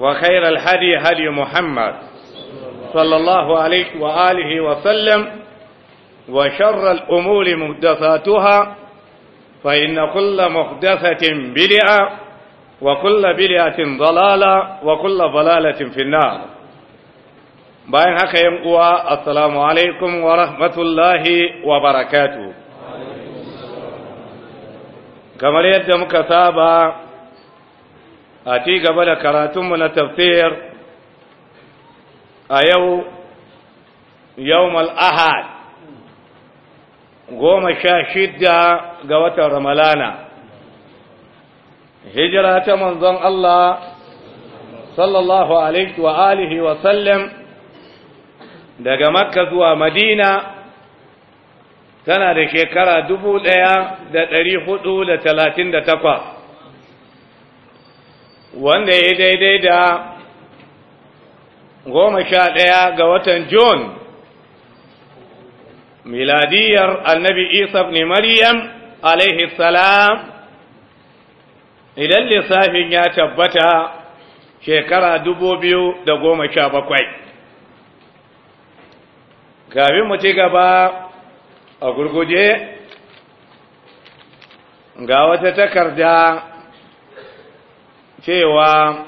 وخير الهدي هدي محمد صلى الله عليه وآله وسلم وشر الأمور محدثاتها فإن كل محدثة بدعة وكل بدعة ضلالة وكل ضلالة في النار باين حق ينقوى السلام عليكم ورحمة الله وبركاته كما يدى مكتابا a ci gaba da karatunmu na tafsir a yau yawmal ahad goma sha shidda ga watan ramalana hijira ta manzon Allah sallallahu alaihi wa alihi wa sallam daga makka zuwa madina tana da shekara dubu ɗaya da ɗari hudu da talatin da takwas wanda ya daidai da goma sha ɗaya ga watan Jun, miladiyar annabi Isa ne Maryam, alaihi salam, idan lissafin ya tabbata shekara dubu biyu da goma sha bakwai. gabin mu ci gaba a gurguje ga wata takarda cewa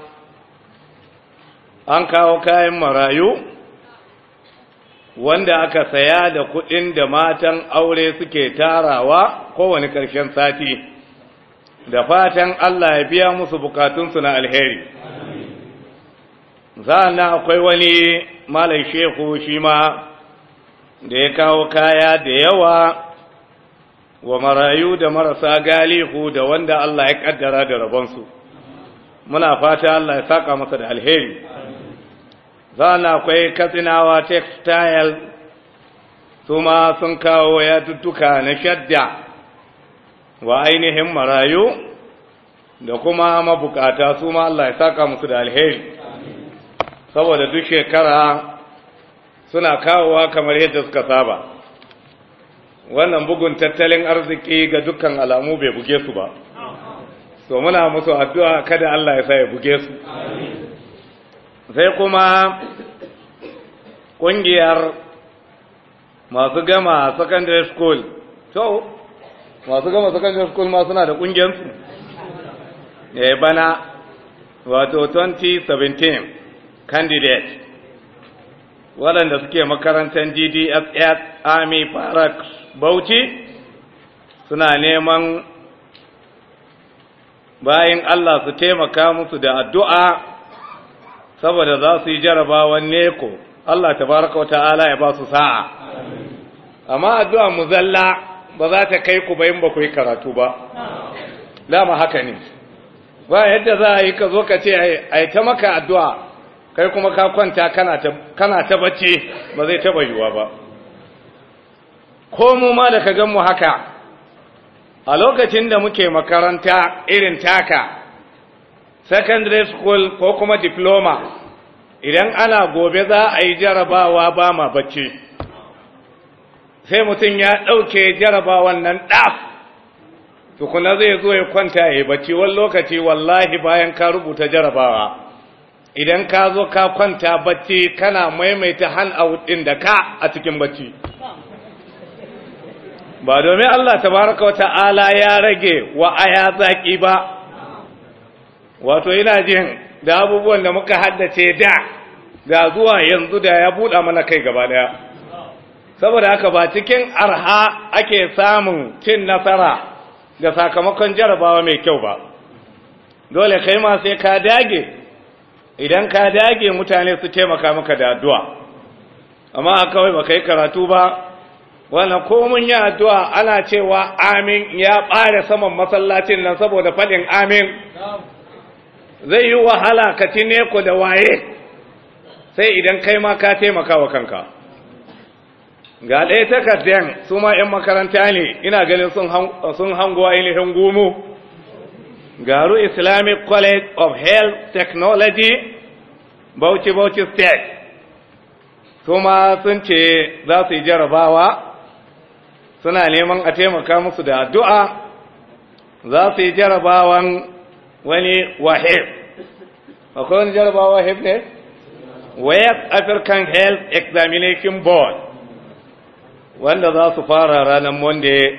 an kawo kayan marayu wanda aka saya da kuɗin da matan aure suke tarawa kowane ƙarshen sati da fatan Allah ya biya musu bukatunsu na alheri na akwai wani malai shehu shi ma da ya kawo kaya da yawa wa marayu da marasa galihu da wanda Allah ya kaddara da rabonsu muna fata Allah ya saka masa da alheri Za na akwai katsinawa textile su ma sun kawo ya tuttuka na shadda wa ainihin marayu da kuma mabukata su ma Allah ya saka musu da alheri saboda duk shekara suna kawowa kamar yadda suka saba wannan bugun tattalin arziki ga dukkan alamu bai buge su ba to muna musu addu'a kada Allah ya sa ya buge su sai kuma ƙungiyar masu gama secondary school to masu gama secondary school ma suna da ƙungiyarsu ya eh, bana wato 2017 candidate waɗanda suke makarantar DDSS Army Barracks Bauchi suna neman bayan Allah su taimaka musu da addu'a saboda za su yi jarabawan neko Allah ta baraka ala ya ba su sa'a amma addu'a muzalla ba za ta kai ku bayan ba ku yi karatu ba dama haka ne ba yadda za a yi ka zo ka ce a yi ta maka addu'a kai kuma ka kwanta kana ta bace ba zai taba yiwuwa ba ko mu ma da ka gan mu haka a lokacin da muke makaranta irin taka secondary school ko kuma diploma idan ana gobe za a yi jarabawa ba ma bacci sai mutum ya ɗauke jarabawan nan ɗaf tukuna zai zo ya kwanta ya yi bacci wani lokaci wallahi bayan ka rubuta jarabawa idan ka zo ka kwanta bacci kana maimaita hand wudin ɗin da ka a cikin bacci ba domin Allah ta tabaraka wata ala ya rage wa zaƙi zaƙi ba wato ina jin da abubuwan da muka haddace da da zuwa yanzu da ya buɗa mana kai gaba ɗaya. saboda haka ba cikin arha ake samun cin nasara da sakamakon jarabawa mai kyau ba dole kai ma sai ka dage idan ka dage mutane su taimaka maka da addu'a amma a kawai ba kai karatu ba wala ko mun yi addu'a ana cewa amin ya ɓare saman masallacin nan saboda faɗin amin zai yi wahala ka ci neko da waye sai idan kai ma ka taimaka wa kanka ga ɗaya takardar su ma ‘yan makaranta ne ina ganin sun hango ainihin gumu garu islamic college of health technology bauchi bauchi state su sun ce za su yi jarabawa suna neman a taimaka musu da addu'a za su yi jarabawan wani wahib akwai wani jarabawa wahib ne west african health examination board wanda za su fara ranar monday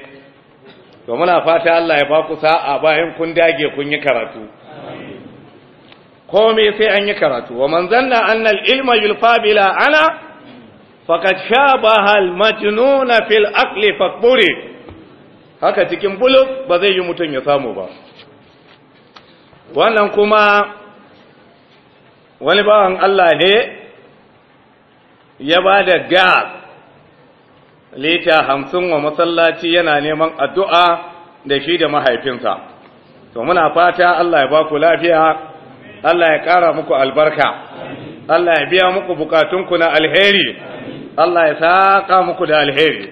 to muna fata Allah ya baku sa'a bayan kun dage kun yi karatu komai sai an yi karatu wa man zanna annal ilma yulfa ana sha ba hal majnuna fil aqli faqburi haka cikin buluk ba zai yi mutum ya samu ba wannan kuma wani bawan Allah ne ya ba da gas lita hamsin wa masallaci yana neman addu'a da shi da mahaifinsa to muna fata Allah ya ba ku lafiya Allah ya ƙara muku albarka Allah ya biya muku bukatunku na alheri Allah ya saƙa muku da alheri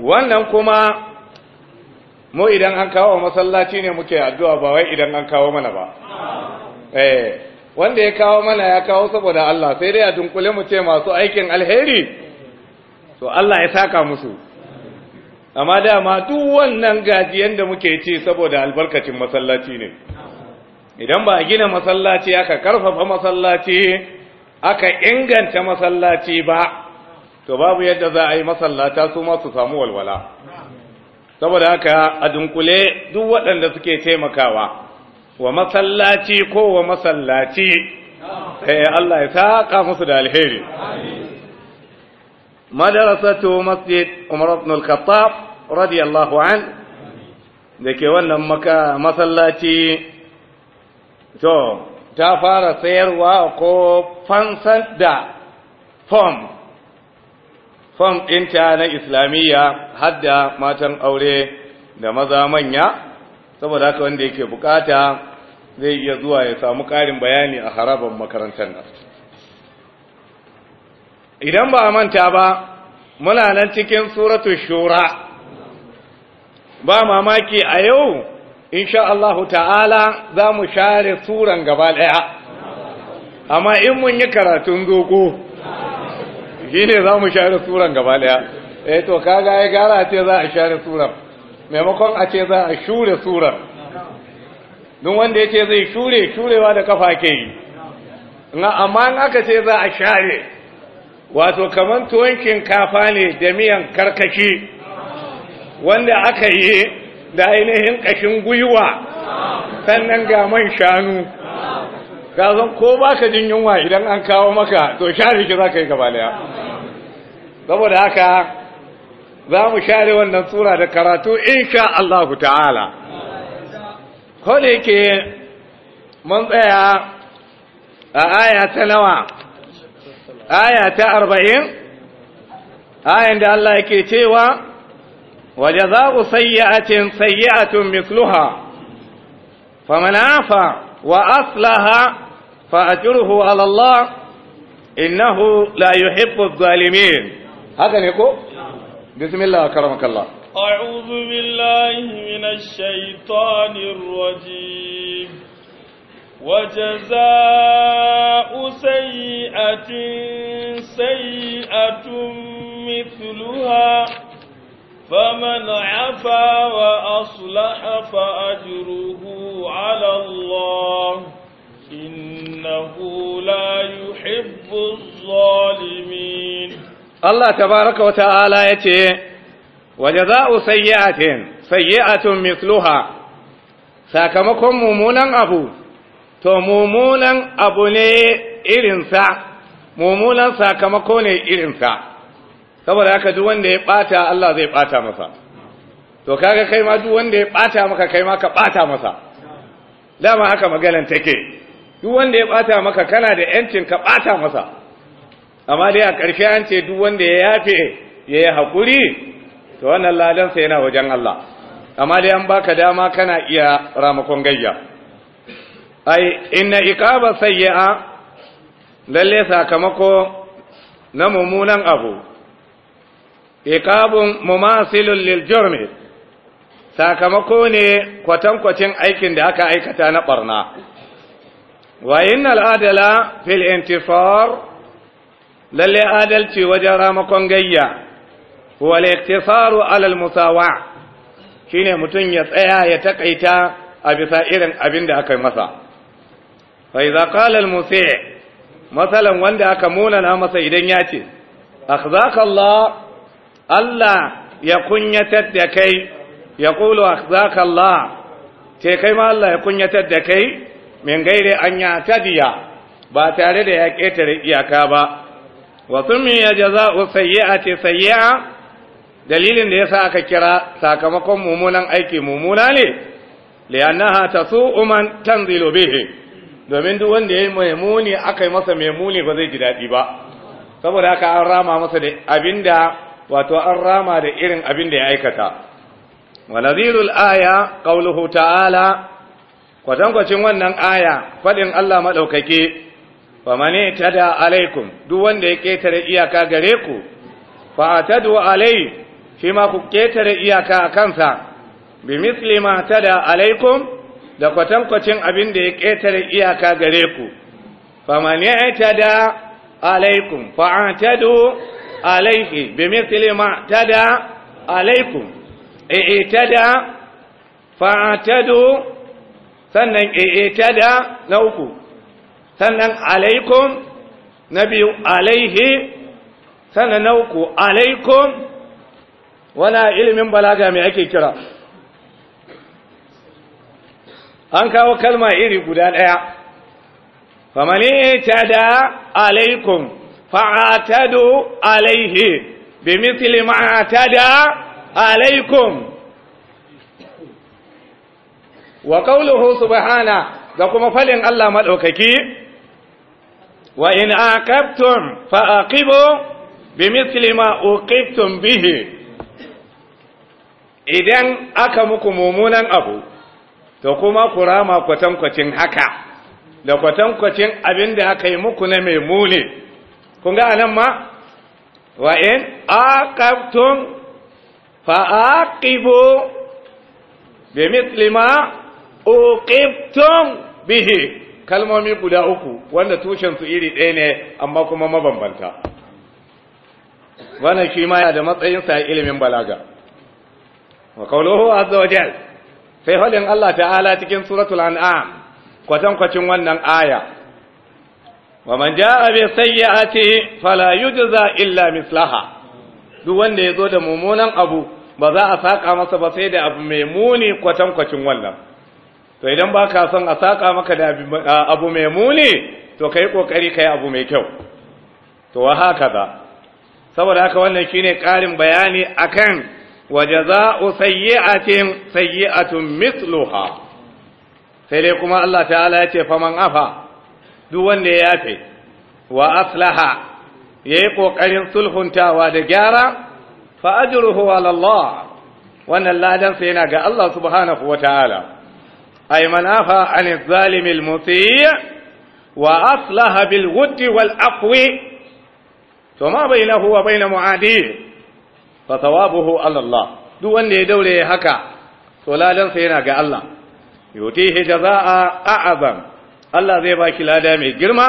wannan kuma mu idan an kawo masallaci ne muke addu'a ba wai idan an kawo mana ba eh wanda ya kawo mana ya kawo saboda Allah sai dai a dunkule mu ce masu aikin alheri to Allah ya saka musu amma dama duk wannan gajiyan da muke ci saboda albarkacin masallaci ne idan ba a gina masallaci aka karfafa masallaci aka inganta masallaci ba to babu yadda za a yi masallata su ma su samu walwala saboda haka a dunkule duk waɗanda suke taimakawa wa masallaci ko wa masallaci eh Allah ya saka musu da alheri madrasatu masjid Umar ibn al-Khattab radiyallahu an da wannan maka masallaci to ta fara sayarwa ko fansar da fom fom ɗinta na islamiyya hadda matan aure da maza manya saboda haka wanda yake bukata zai iya zuwa ya samu ƙarin bayani a harabar makarantar nan idan ba a manta ba muna nan cikin suratul shura ba mamaki a yau sha Allah ta'ala za mu share suran gaba ɗaya amma in mun yi karatun zoko shi ne za mu share suran gaba ɗaya eh to kaga ya gara ce za a share suran maimakon a ce za a shure suran don wanda ya ce zai shure shurewa da kafa ke yi amma in aka ce za a share wato kamar tuwon kafa ne da miyan karkashi wanda aka yi da ainihin ƙashin gwiwa sannan ga man shanu ka zan ko ba ka jin yunwa idan an kawo maka to share ki za ka yi gabaliya saboda haka za mu share wannan tsura da karatu insha Allah ta'ala ko ke yake tsaya a aya nawa aya ta arba'in ayan da Allah yake cewa وجزاء سيئة سيئة مثلها فمن عفا وأصلها فأجره على الله إنه لا يحب الظالمين هذا نقول بسم الله كرمك الله أعوذ بالله من الشيطان الرجيم وجزاء سيئة سيئة مثلها فمن عفا وأصلح فأجره على الله إنه لا يحب الظالمين الله تبارك وتعالى يتي وجزاء سيئة سيئة مثلها sakamakon mummunan abu to mummunan abu ne irinsa mummunan sakamako ne irinsa saboda haka duk wanda ya bata Allah zai bata masa to kaga kai ma duk wanda ya bata maka kai ma ka bata masa dama haka magalan take duk wanda ya bata maka kana da yancin ka bata masa amma dai a ƙarshe an ce duk wanda ya yafe ya yi haƙuri to wannan ladan sa yana wajen Allah amma dai an baka dama kana iya ramakon gayya ai inna iqaba sayyi'a lalle sakamako na mummunan abu iqabun mumasilun lil jurmi sakamako ne kwatankwacin aikin da aka aikata na barna wa adala fil intifar lalle adalci wajen ramakon gayya wal iktisaru ala al musawa shine mutun ya tsaya ya takaita a bisa irin abin da aka masa fa idza qala al masalan wanda aka munana masa idan ya ce akhzaka Allah Allah ya kunyatar da kai ya kulu a ce kai ma Allah ya kunyatar da kai min gaire an tadiya ba tare da ya ƙetare iyaka ba wa sumiya jaza'u ce sayyi'a dalilin da ya sa aka kira sakamakon mummunan aiki mummuna ne su umar can tanzilu bihi domin duk wanda ya yayi aka yi masa maimuni ba zai ji daɗi ba saboda aka an rama masa da abinda wato an rama da irin abin da ya aikata nazirul aya qauluhu ta'ala kwatankwacin wannan aya fadin Allah madaukake famane tada alaikum duk wanda ya ketare iyaka gare ku fa tadu alai shi ma ku ketare iyaka kansa bi misli ma tada alaikum da kwatankwacin abin da ya ketare iyaka gare ku Fa famane tada alaikum fa tadu alaihi bi mithli ma tada alaikum i'tada fa'tadu sannan i'tada na uku sannan alaikum na biyu alaihi sannan na uku alaikum wana ilimin balaga mai ake kira an kawo kalma iri guda ɗaya famani ta da alaikum fa'atadu alaihi bi misli da alaikum wa qawluhu subhana da kuma falin Allah maɗaukaki. wa in aqabtum fa'aƙibo bi misli ma uqibtum bihi idan aka muku mumunan abu to kuma ku rama kwatankwacin haka da kwatankwacin abin da aka yi muku na mai muni kun ga anan ma wa in aqabtum fa aqibu bi mithli ma uqibtum bihi kalmomi guda uku wanda tushen su iri ɗaya ne amma kuma mabambanta wannan shi ma yana da matsayin sa ilimin balaga wa qawluhu azza wa jalla sai halin Allah ta'ala cikin suratul an'am kwatan kwacin wannan aya wa man jaa bi sayyi'ati fala yujza illa mislaha duk wanda ya zo da mummunan abu ba za a saka masa ba sai da abu mai muni kwatan kwacin wannan to idan ba ka son a saka maka da abu mai muni to kai kokari kai abu mai kyau to wa haka ba saboda haka wannan shine ƙarin bayani akan wajaza'u a tun mithluha sai dai kuma Allah ta'ala ya ce faman afa duk wanda ya yafe wa aslaha yi ƙoƙarin sulhuntawa da gyara fa ajruhu Allah wannan ladan yana ga Allah subhanahu wataala ay man afa an zalimi al-muti wa aslaha bil wal aqwi to ma bainahu wa bain mu'adi fa thawabuhu Allah duk wanda ya daure haka to ladan yana ga Allah yutihi a a'azam Allah zai baki lada mai girma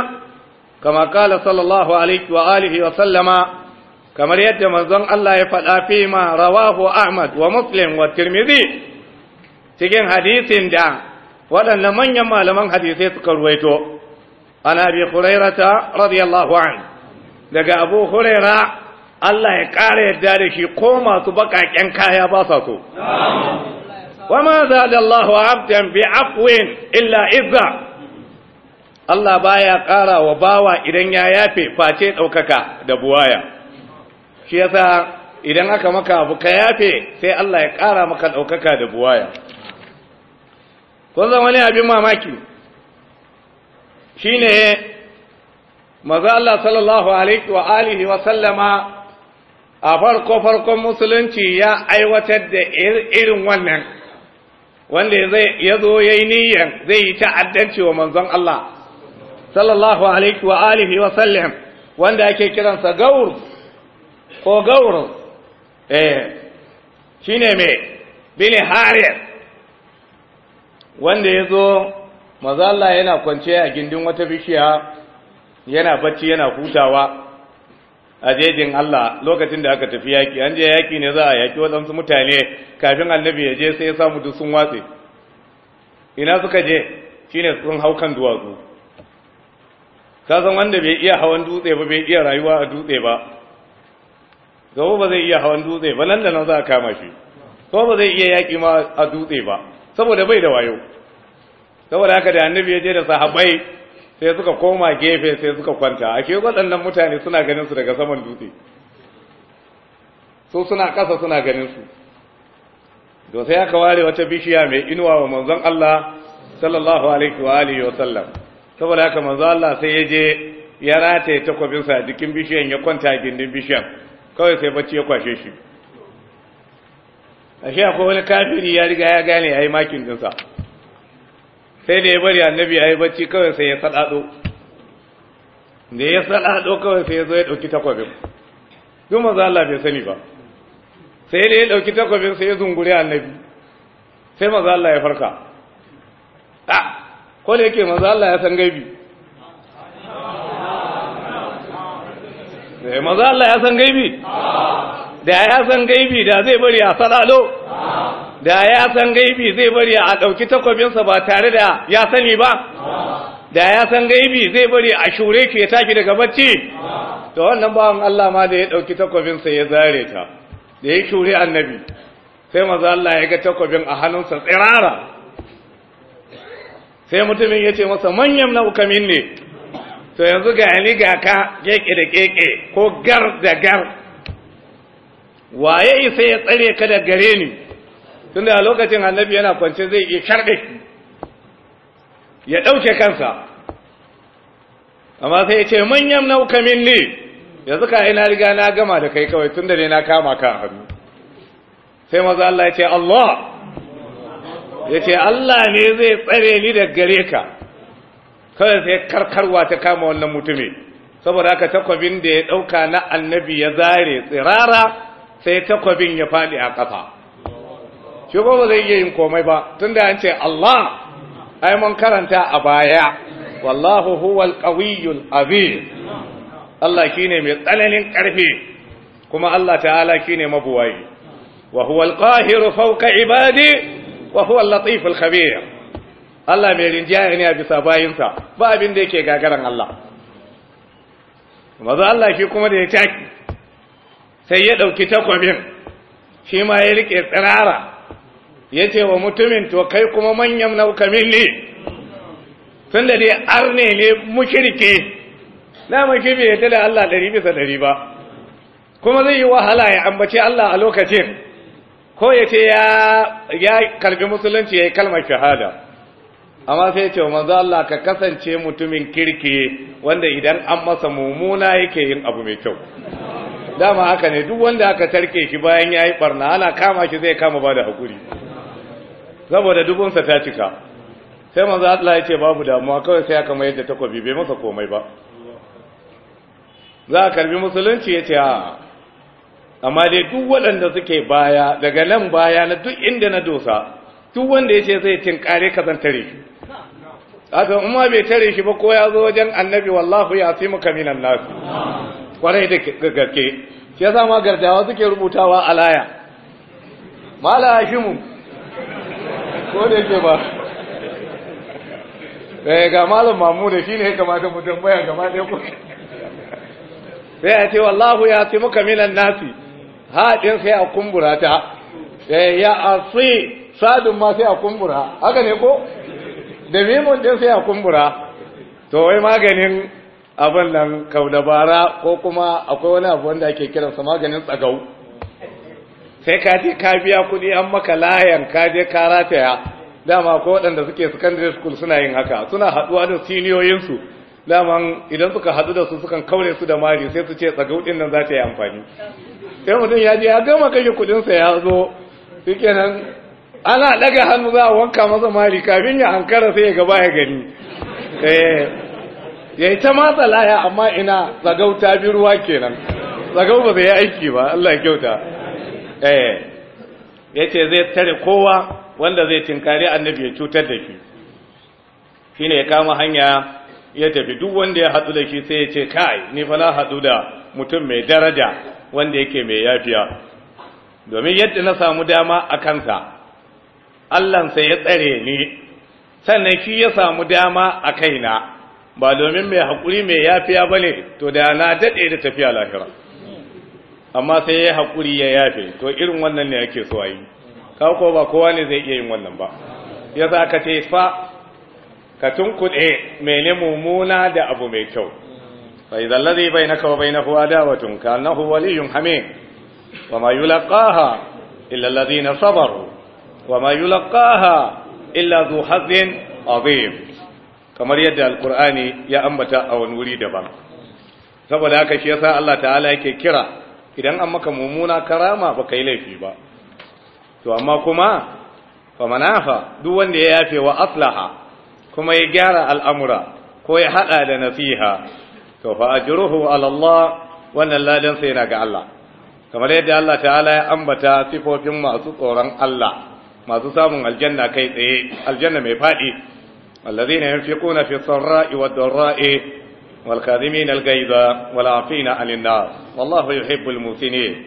kama kala sallallahu alaihi wa alihi wa sallama kamar yadda manzon Allah ya faɗa fi ma rawahu Ahmad wa Muslim wa Tirmidhi cikin hadisin da waɗannan manyan malaman hadisai suka ruwaito ana bi hurairata radiyallahu an daga abu huraira Allah ya ƙara yadda da shi ko masu baƙaƙen kaya ba sa so wa ma zada Allahu abdan bi afwin illa izza Allah baya ƙara wa bawa idan ya yafe face ɗaukaka da buwaya shi ya sa idan aka maka abu ka yafe sai Allah ya ƙara maka ɗaukaka da buwaya kun zama wani abin mamaki Shi ne. maza Allah sallallahu alaihi wa alihi wa sallama a farko farkon musulunci ya aiwatar da irin wannan wanda ya zo ya yi niyyar zai yi ta'addanci wa manzon Allah sallallahu alaihi wa alihi wa sallam wanda ake kiransa gaur ko gaur eh shine me bin harir wanda yazo maza Allah yana kwance a gindin wata bishiya yana bacci yana hutawa a jejin Allah lokacin da aka tafi yaki an je yaki ne za a yaki waɗansu mutane kafin annabi ya je sai ya samu dusun watsi. ina suka je shine sun hau kan duwatsu ka san wanda bai iya hawan dutse ba bai iya rayuwa a dutse ba gaba ba zai iya hawan dutse ba nan da nan za a kama shi ko ba zai iya yaƙi ma a dutse ba saboda bai da wayo saboda haka da annabi ya je da sahabbai sai suka koma gefe sai suka kwanta a ke waɗannan mutane suna ganin su daga saman dutse su suna ƙasa suna ganin su to sai aka ware wata bishiya mai inuwa wa manzon Allah sallallahu alaihi wa alihi wa sallam saboda haka manzo Allah sai ya je ya rataye takobinsa a jikin bishiyan ya kwanta gindin bishiyan kawai sai bacci ya kwashe shi A shi akwai wani kafiri ya riga ya gane ya yi makin dinsa sai da ya bari annabi ya yi bacci kawai sai ya sadado da ya sadado kawai sai ya zo ya dauki takobin, duk manzo Allah bai sani ba sai da ya dauki takobin sai ya zungure annabi sai manzo Allah ya farka ah! ko ne yake manzo Allah ya san gaibi eh manzo Allah ya san gaibi da ya san gaibi da zai bari a salalo da ya san gaibi zai bari a dauki takwabinsa ba tare da ya sani ba da ya san gaibi zai bari a shure ke tafi daga bacci to wannan bawan Allah ma da ya ɗauki takwabinsa ya zare ta da ya shure annabi sai manzo Allah ya ga takwabin a hannunsa tsirara sai mutumin ya ce masa manyan nauka ne, to yanzu ga ni ga ka keke da keke ko gar da gar waye sai ya tsare ka da gare ni tun a lokacin annabi yana kwance zai iya sharɗe ya ɗauke kansa amma sai ya ce manyan nauka ne yanzu ka ina riga na gama da kai kawai tunda ne na kama ka hannu sai maza Allah ya ce Allah ya ce Allah ne zai tsare ni da gare ka kawai sai karkarwa ta kama wannan mutumin saboda haka takwabin da ya ɗauka na annabi ya zare tsirara sai takwabin ya faɗi a ƙasa shi ba zai iya yin komai ba tun da an ce Allah ai mun karanta a baya wallahu huwal qawiyyul azim Allah shine mai tsananin ƙarfi kuma Allah ta'ala shine mabuwayi wa huwal qahiru fawqa ibadi wa huwa al-latif al-khabir Allah mai rinjaya ne a bisa bayinsa ba abin da yake gagaran Allah maza Allah shi kuma da ya taki sai ya ɗauki takwabin shi ma ya riƙe tsirara ya ce wa mutumin to kai kuma manyan naukamin ne tun da dai arne ne mushirke na mafi bai yadda da Allah ɗari bisa ɗari ba kuma zai yi wahala ya ambaci Allah a lokacin ko ya ce ya karbi musulunci ya yi kalmar shahada amma sai ce manzo Allah ka kasance mutumin kirki wanda idan an masa mumuna yake yin abu mai kyau dama haka ne duk wanda aka tarke shi bayan ya yi barna ana kama shi zai kama bada hakuri saboda dubunsa ta cika sai manzo Allah ya ce babu damuwa kawai sai aka mayar da takobi bai masa komai ba za a karbi musulunci ya ce a amma dai duk waɗanda suke baya daga nan baya na duk inda na dosa duk wanda ya ce zai tinkare ka zan tare shi haka umma ma bai tare shi ba ko ya zo wajen annabi wallahu ya fi muka minan nasu kwarai da gaske shi yasa ma gardawa suke rubutawa alaya mala hashimu ko da yake ba eh ga malam mamu da shine ya kamata mu tambaya gaba ɗaya ko sai a ce wallahu ya fi muka minan nasu haɗin sai a kumbura ta eh, ya arsi sadun ma sai a kumbura haka ne ko da mimun ɗin sai a kumbura to wai maganin abin nan dabara ko kuma akwai wani abu wanda ake kiransa maganin tsagau sai ka je ka biya kuɗi an maka layan ka je ka rataya dama ko waɗanda suke secondary school suna yin haka suna haɗuwa da siniyoyinsu Dama idan suka haɗu da su sukan kaure su da mari sai su ce ɗin nan za ta yi amfani sai mutum ya je ya gama kashe kudinsa ya zo shikenan ana daga hannu za a wanka masa mari kafin ya hankara sai ya gaba ya gani eh, ya yi ta matsa laya amma ina zagau ta bi ruwa kenan zagau ba zai aiki ba Allah ya kyauta eh, ya ce zai tare kowa wanda zai tinkari annabi ya cutar da shi shine ya kama hanya ya tafi duk wanda ya hatsu da shi sai ya ce kai ni fa na hadu da mutum mai daraja wanda yake mai yafiya domin yadda na samu dama a kansa Allah sai ya tsare ni sannan shi ya samu dama a kaina ba domin mai haƙuri mai yafiya bane to da na daɗe da tafiya lahira amma sai ya haƙuri ya yafe to irin wannan ne ake so a yi kawo ba kowa ne zai iya yin wannan ba ya za ka ce fa ka tunkuɗe mene mumuna da abu mai kyau فإذا الذي بينك وبينه أداوة كأنه ولي حميم وما يلقاها إلا الذين صبروا وما يلقاها إلا ذو حظ عظيم كما يدى القرآن يا أمتا أو نريد بان سبب لك شيئا الله تعالى كيرا إذن أمك مؤمنا كراما فكيلي في با فأما كما فمنافا دون ليافي وأطلها كما يجارى الأمر كما يحقى لنا فيها to fa ajruhu ala Allah wannan ladan sai yana ga Allah kamar yadda Allah ta'ala ya ambata sifofin masu tsoron Allah masu samun aljanna kai tsaye aljanna mai fadi allazina yunfiquna fi sarra'i wad dharra'i wal kadhimin al ghaiza wal 'afina 'anil nas wallahu yuhibbul muhsinin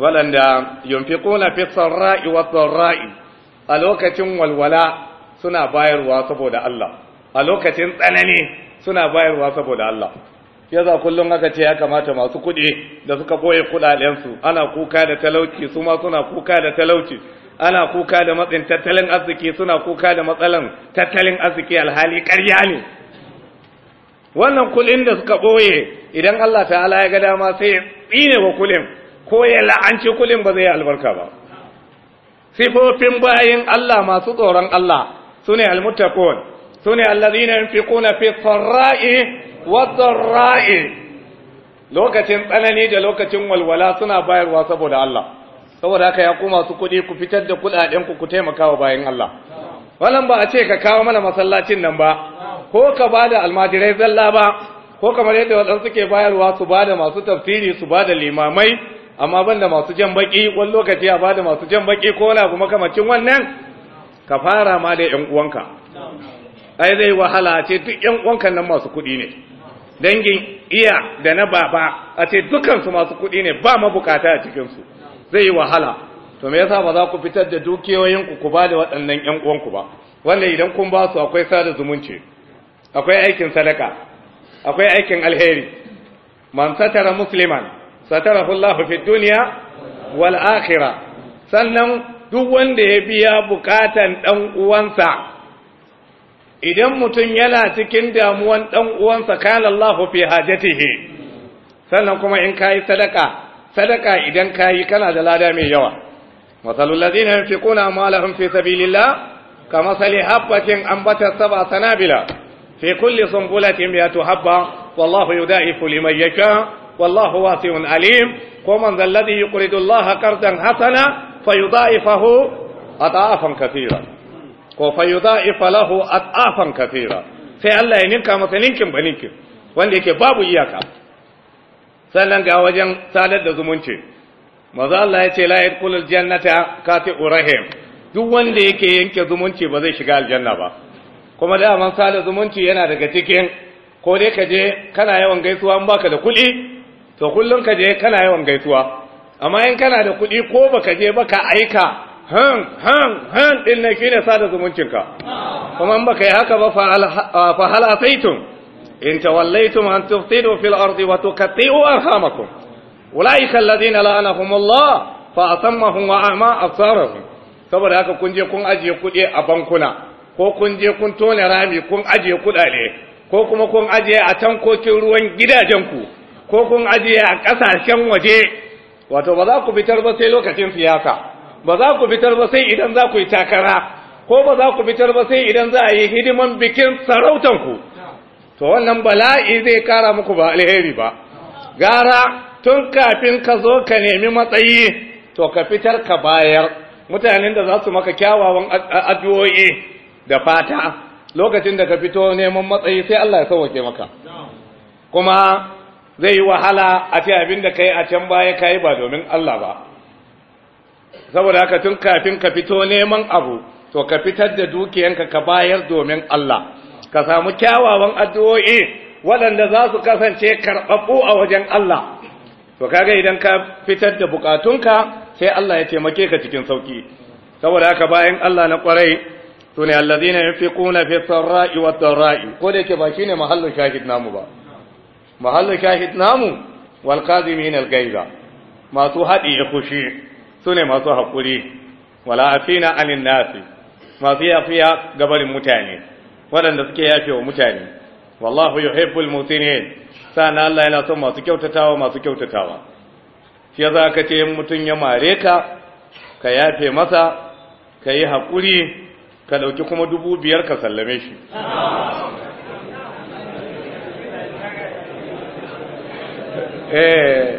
walanda yunfiquna fi sarra'i wad dharra'i a lokacin walwala suna bayarwa saboda Allah a lokacin tsanani suna bayarwa saboda Allah yaza kullum aka ce ya kamata masu kuɗi da suka boye kuɗaɗensu ana kuka da talauci su ma suna kuka da talauci ana kuka da matsin tattalin arziki suna kuka da matsalan tattalin arziki alhali ƙarya ne wannan kulin da suka boye idan Allah ta'ala ya ga dama sai ya tsine wa kulin ko ya la'anci kulin ba zai albarka ba sifofin bayin Allah masu tsoron Allah sune almuttaqun sune allazina yunfiquna fi sarra'i wa lokacin tsanani da lokacin walwala suna bayarwa saboda Allah saboda haka ya kuma su kuɗi ku fitar da kuɗaɗen ku ku taimaka wa bayan Allah wannan ba a ce ka kawo mana masallacin nan ba ko ka bada almajirai zalla ba ko kamar yadda waɗansu suke bayarwa su bada masu tafsiri su ba da limamai amma banda masu jan baki wani lokaci a bada masu jan baki ko wani abu makamacin wannan ka fara ma da ƴan uwanka ai zai wahala ce duk yan uwankan nan masu kuɗi ne dangin iya da na baba a ce dukansu masu kuɗi ne ba mabukata a cikinsu zai yi wahala to me yasa ba za ku fitar da dukiyoyin ku ba da waɗannan yan uwanku ba wanda idan kun ba su akwai sada zumunci akwai aikin sadaka akwai aikin alheri man satara musliman satarahu Allah fi dunya wal akhirah sannan duk wanda ya biya bukatan dan uwansa idan mutum yana cikin damuwan ɗan uwansa kana Allah fi hajatihi sannan kuma in kayi sadaka sadaka idan kayi kana da lada mai yawa masalul fi kuna amwalahum fi sabilillah ka masali. habatin Ambatar sab'a sanabila fi kulli sunbulatin mi'atu habba wallahu fuli mai yasha wallahu wasi'un alim kuma alladhi yi Allah qardan hasana a ata'afan katira ko fa yudha'ifa lahu at'afan kathira sai Allah ya ninka masa ninkin ba ninkin wanda yake babu iyaka sannan ga wajen sadar da zumunci maza Allah ya ce la yadkhulu aljannata kati urahim duk wanda yake yanke zumunci ba zai shiga aljanna ba kuma da man sada zumunci yana daga cikin ko dai ka je kana yawan gaisuwa in baka da kuɗi to kullum ka je kana yawan gaisuwa amma in kana da kuɗi ko baka je baka aika han han han din ne shine sada ka. kuma in baka yi haka ba fa hal ataytum in tawallaytum an tuftidu fil ardi wa tuqti'u arhamakum ulaika alladhina la'anahum Allah fa atammahum wa a'ma absarahum saboda haka kun je kun ajiye kuɗi a bankuna ko kun je kun tone rami kun ajiye kuɗaɗe ko kuma kun ajiye a tankokin ruwan gidajen ku ko kun ajiye a ƙasashen waje wato ba za ku fitar ba sai lokacin siyasa ba za ku fitar ba sai idan za ku yi takara ko ba za ku fitar ba sai idan za a yi hidiman bikin sarautanku to wannan bala'i zai kara muku ba alheri ba gara tun kafin ka zo ka nemi matsayi to ka fitar ka bayar mutanen da za su maka kyawawan addu'o'i da fata lokacin da ka fito neman matsayi sai Allah ya sauke maka kuma zai yi wahala a ce abin da ka a can baya ka ba domin Allah ba saboda haka tun kafin ka fito neman abu to ka fitar da dukiyanka ka bayar domin Allah ka samu kyawawan addu'o'i waɗanda za su kasance karɓaɓɓu a wajen Allah to kaga idan ka fitar da bukatunka sai Allah ya taimake ka cikin sauki saboda haka bayan Allah na kwarai to ne allazina yunfiquna fi sarra'i wa dharra'i ko da ke ba shine mahallu shahid namu ba mahallu shahid namu wal qadimin al masu haɗi ya kushi su ne masu haƙuri wala afina anin nasi masu yafiya gabarin mutane waɗanda suke wa mutane wallahu yuhibbul sa sana Allah yana son masu kyautatawa masu kyautatawa shi yasa ka ce mutum ya mare ka ka yafe masa ka yi haƙuri ka ɗauki kuma dubu biyar ka sallame shi eh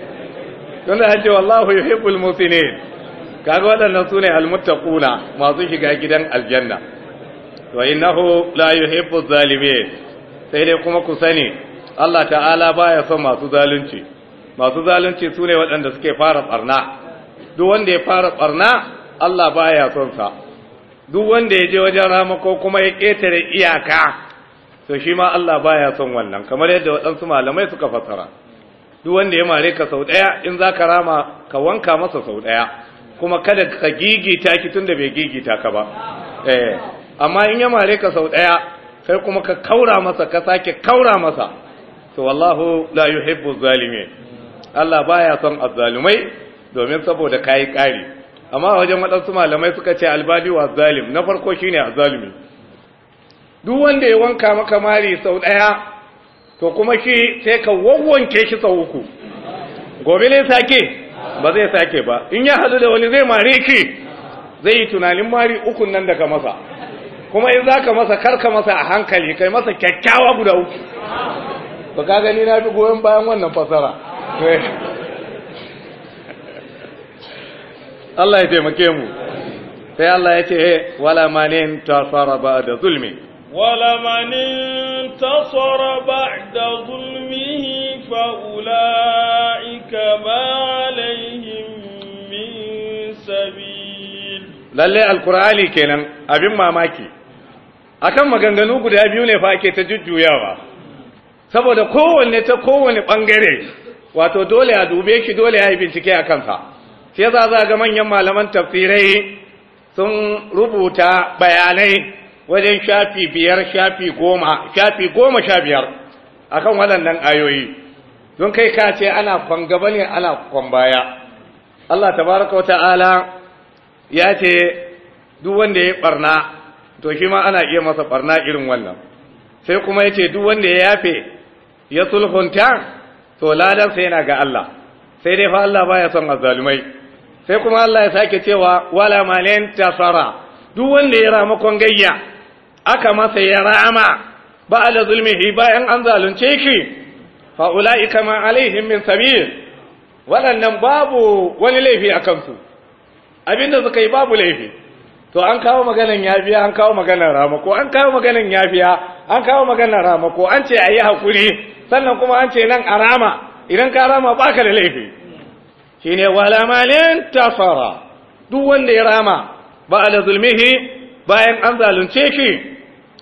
don da hajji wallahu yuhibbul kaga waɗannan sune almuttaquna masu shiga gidan aljanna wa innahu la yuhibbu zalimin sai dai kuma ku sani Allah ta'ala baya son masu zalunci masu zalunci sune waɗanda suke fara barna duk wanda ya fara barna Allah baya son sa duk wanda ya je wajen ramako kuma ya ketare iyaka to shi ma Allah baya son wannan kamar yadda waɗansu malamai suka fassara duk wanda ya mare ka sau ɗaya in za ka rama ka wanka masa sau ɗaya kuma kada ka gigita ki tunda bai gigita ka ba eh amma in ya mare ka sau ɗaya, sai kuma ka kaura masa ka sake kaura masa to wallahu la yuhibbu zalimin Allah baya son azzalumai domin saboda kai kari amma wajen waɗansu malamai suka ce albadi wa zalim na farko shine azzalumi duk wanda ya wanka maka mari sau ɗaya, to kuma shi, sai ka wawwanke shi sau uku gobe ne sake ba zai sake ba in ya hadu da wani zai mare ki zai yi tunanin mari ukun nan daga masa kuma in za ka masa karka masa a hankali kai masa kyakkyawa guda uku ba ka gani na fi goyon bayan wannan fasara Allah ya taimake mu sai Allah ya ce eh, wala manin tasara ba da zulmi wala manin tasara ba da zulmihi fa ula'ika ba. lalle alkur'ani kenan abin mamaki akan maganganu guda biyu ne fa ake ta jujjuyawa saboda kowanne ta kowanne bangare wato dole a dube shi dole a yi bincike a kansa sai za za ga manyan malaman tafsirai sun rubuta bayanai wajen shafi biyar shafi goma shafi goma sha biyar a kan waɗannan ayoyi don kai ka ce ana gaba ne ana kwan baya. Allah tabaraka wa ta'ala ya ce duk wanda ya barna to shi ma ana iya masa barna irin wannan sai kuma ya ce duk wanda ya yafe ya sulhunta to sai yana ga Allah sai dai fa Allah baya son azzalumai sai kuma Allah ya sake cewa wala malen tasara duk wanda ya ramakon gayya aka masa ya rama ba ala zulmihi bayan an zalunce shi fa ulaika ma alaihim min sabil waɗannan babu wani laifi a kansu Abin da suka yi babu laifi to an kawo maganan yafiya an kawo maganan ramako an kawo maganan yafiya an kawo maganan ramako an ce ayi hakuri sannan kuma an ce nan arama idan ka rama baka da laifi shine wala malin tasara duk wanda ya rama ba da zulmihi bayan an zalunce shi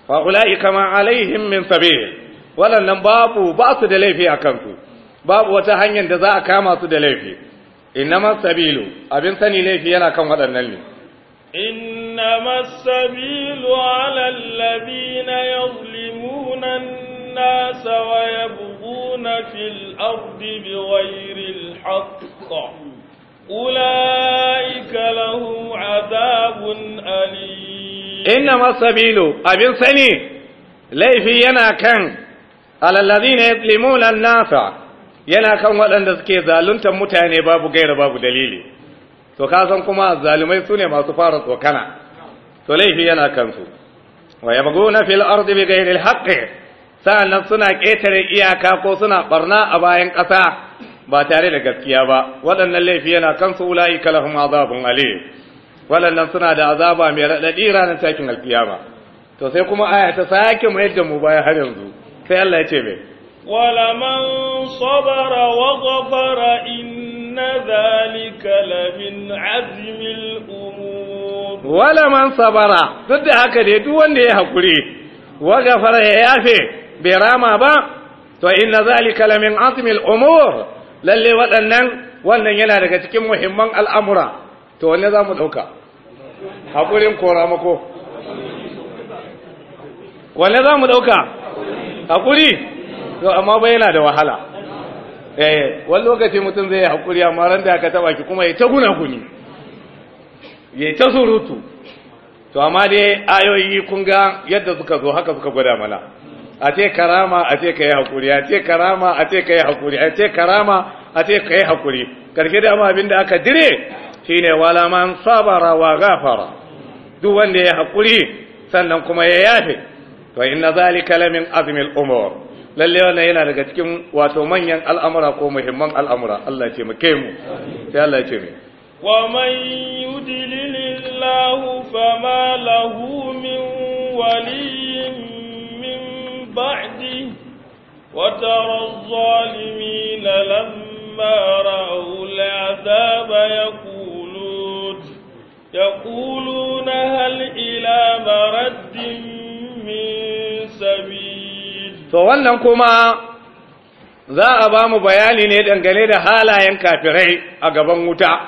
fa ulaika ma alaihim min sabil walannan babu ba su da laifi akan ku babu wata hanyar da za a kama su da laifi إنما السبيل أبين سني لي في أنا كم هذا النلي إنما السبيل على الذين يظلمون الناس ويبغون في الأرض بغير الحق أولئك لهم عذاب أليم إنما السبيل أبين سني لي في أنا كم على الذين يظلمون الناس yana kan waɗanda suke zaluntar mutane babu gaira babu dalili to ka kuma zalumai su ne masu fara tsokana to laifi yana kansu wa ya na fil ardi bighairi al-haqq sa'annan suna ƙetare iyaka ko suna barna a bayan ƙasa ba tare da gaskiya ba waɗannan laifi yana kansu ulai lahum azabun ali, waɗannan suna da azaba mai raɗaɗi ranar takin alkiyama to sai kuma aya ta sake mu yadda mu baya har yanzu sai Allah ya ce mai ولمن صبر وغفر إن ذلك لمن عزم الأمور ولمن صبر ضد هكذا دون دي ya وغفر يافي rama ba to na zali kalamin azmil umur lallai waɗannan wannan yana daga cikin muhimman al'amura to wanne za mu ɗauka haƙurin za mu ɗauka haƙuri to amma ba yana da wahala eh wani lokaci mutum zai haƙuri amma ran da aka taba ki kuma ya ta guna guni ya ta surutu to amma dai ayoyi kun ga yadda suka zo haka suka gwada mana a ce karama a ce ka yi haƙuri a ce karama a ce ka yi haƙuri a ce karama a ce ka yi haƙuri karke da abin da aka dire shine wala man sabara wa gafara duk wanda ya hakuri sannan kuma ya yafe to inna zalika lamin azmil umur lalle wannan yana daga cikin wato manyan al'amura ko muhimman al'amura Allah ya taimake mu sai Allah ya ce wa man yudlilillahu fama lahu min waliyyin min ba'di wa tara adh-dhalimin lamma ra'u al'azaba yaqulun yaquluna hal ila maraddin to wannan kuma za a ba mu bayani ne dangane da halayen kafirai a gaban wuta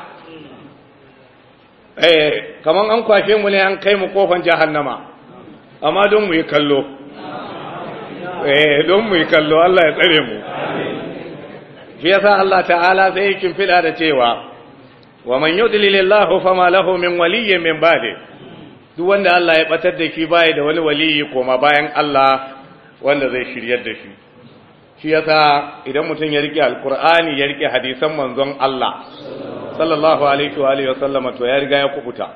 eh kaman an kwashe mu ne an kai mu kofan jahannama amma don mu yi kallo eh don mu yi kallo Allah ya tsare mu shi yasa Allah ta'ala sai yake fida da cewa wa man yudlilillahu fama lahu min waliyyin min ba'di duk wanda Allah ya batar da shi baya da wani waliyi koma bayan Allah wanda zai shiryar da shi shi yasa idan mutum ya rike alkur'ani ya rike hadisan manzon Allah sallallahu alaihi wa alihi wasallama to ya riga ya kubuta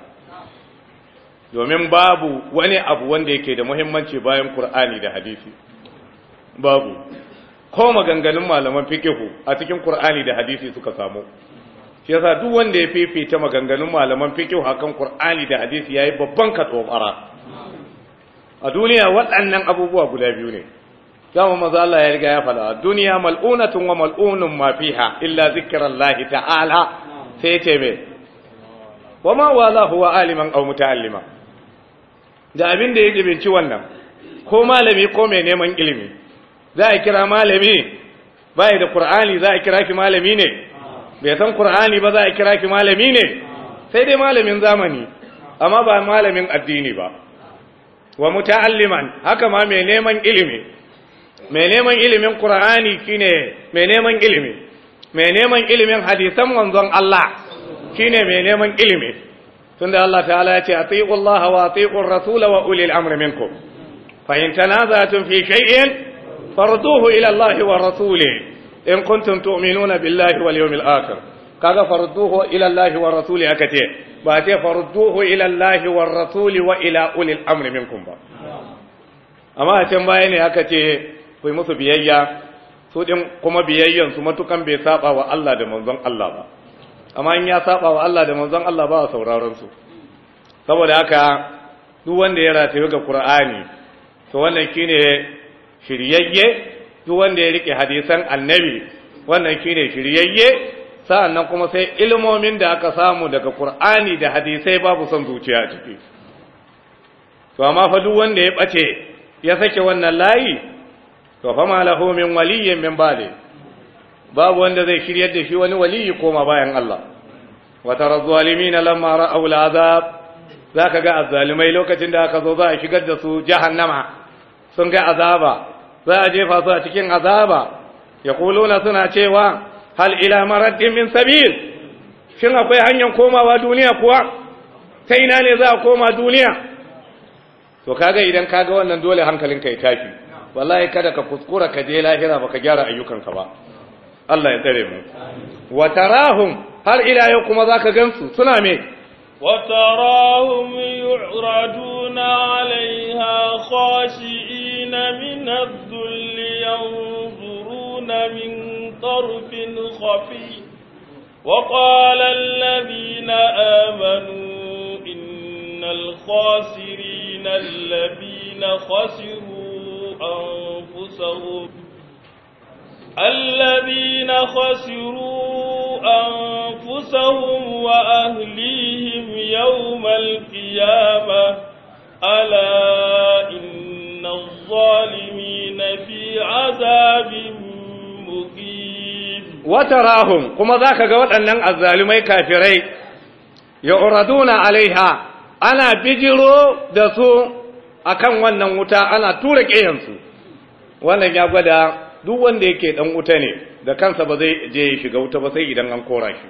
domin babu wani abu wanda yake da muhimmanci bayan qur'ani da hadisi babu ko maganganun malaman fikihu a cikin qur'ani da hadisi suka samu shi yasa duk wanda ya fifita maganganun malaman fikihu akan qur'ani da hadisi ya yi babban katsofara a duniya waɗannan abubuwa guda biyu ne zama maza Allah ya riga ya a duniya mal'unatun wa mal'unun ma fiha illa lahi ta'ala sai ce mai wa ma za huwa aliman alima da abin da ya dibinci wannan ko malami ko mai neman ilimi za a kira malami yi da Kur'ani za a kira ki malami ne bai san Kur'ani ba za a kira ki malami ne sai dai malamin zamani amma ba malamin addini ba wa muta'alliman haka ma mai neman ilimi mai neman ilimin qur'ani shine mai neman ilimi mai neman ilimin hadisan manzon Allah shine mai neman ilimi tunda Allah ta'ala ya ce atiqu Allah wa atiqu ar-rasul wa ulil amri minkum fa in tanaza'tum fi shay'in farduhu ila Allah wa Rasuli. in kuntum tu'minuna billahi wal yawmil akhir kaga ga ila Allah wa rasuli aka ce ba ce farudduhu ila Allah wa rasuli wa ila ulil amri minkum ba amma a can baya ne aka ce ku musu biyayya su din kuma biyayyan su matukan bai saba wa Allah da manzon Allah ba amma in ya saba wa Allah da manzon Allah ba sauraron su saboda haka duk wanda ya rataye ga Qur'ani to wannan shine shiryayye duk wanda ya rike hadisan annabi wannan shine shiryayye sa'annan kuma sai ilmomin da aka samu daga ƙur'ani da hadisai babu son zuciya ciki to amma fa duk wanda ya ɓace ya sake wannan layi to fa malahu min waliyyin min ba'di babu wanda zai shiryar da shi wani waliyi koma bayan Allah wa tara zalimina lamma ra'aw al'azab zaka ga azzalimai lokacin da aka zo za a shigar da su jahannama sun ga azaba za a jefa su a cikin azaba yaquluna suna cewa hal ila maraddin min sabil shin akwai hanyar komawa duniya kuwa ta ina ne za a koma duniya to kaga idan kaga wannan dole hankalinka ya tafi wallahi kada ka kuskura ka je lahira baka gyara ayyukanka ba Allah ya tsare mu wa tarahum har ila yau kuma zaka gansu suna me wa tarahum yu'raduna 'alayha khashi'ina min adh-dhulli min طرف خفي وقال الذين آمنوا إن الخاسرين الذين خسروا أنفسهم الذين خسروا أنفسهم وأهليهم يوم القيامة ألا إن الظالمين في عذاب مقيم Wata watarahum kuma za ka ga waɗannan azzalumai kafirai ya'raduna alaiha ana bijiro da su akan wannan wuta ana tura ƙeyansu. wannan ya gwada duk wanda yake ɗan wuta ne da kansa ba zai je ya shiga wuta ba sai idan an kora shi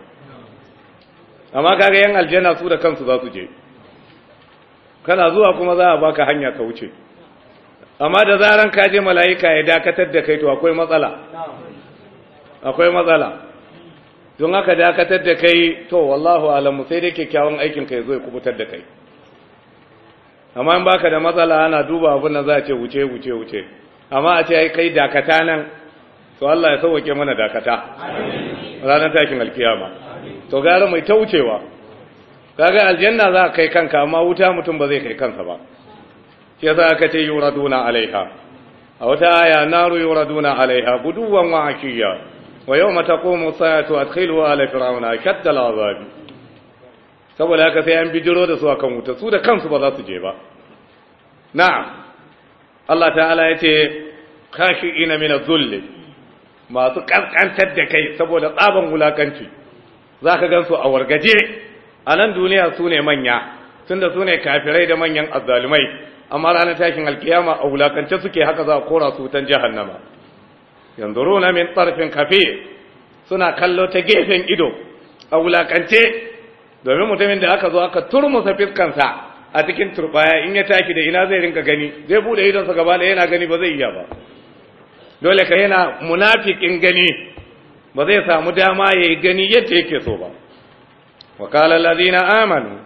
amma kaga yan aljanna su da kansu za su je kana zuwa kuma za a baka hanya ka wuce amma da zaran ka je mala'ika ya dakatar da kai to akwai matsala akwai matsala don haka dakatar da kai to wallahu alamu sai dai kyakkyawan aikin kai zo ya kubutar da kai amma in baka da matsala ana duba abin da za a ce wuce wuce wuce amma a ce ai kai dakata nan to Allah ya sauke mana dakata ranar takin alkiyama to gara mai ta wucewa kaga aljanna za ka kai kanka amma wuta mutum ba zai kai kansa ba shi yasa aka ce yuraduna alaiha a wata aya naru yuraduna alaiha guduwan wa wa yau mata komo sayatu a tsailwa ala fir'auna kaddala azabi saboda haka sai an bijiro da su akan wuta su da kansu ba za su je ba na'am Allah ta'ala ya ce kashi ina mina zulli masu kaskantar da kai saboda tsaban wulakanci za ka gansu a wargaje a nan duniya su ne manya tunda su ne kafirai da manyan azzalumai amma ranar tashin alkiyama a wulakance suke haka za a kora su wutan jahannama yanzuruna min tarfin kafi suna kallo ta gefen ido a wulakance domin mutumin da aka zo aka turmusa fiskansa a cikin turbaya in ya tashi da ina zai rinka gani zai bude idonsa gaba da yana gani ba zai iya ba dole ka yana munafikin gani ba zai samu dama ya yi gani yadda yake so ba wakalar lazina amanu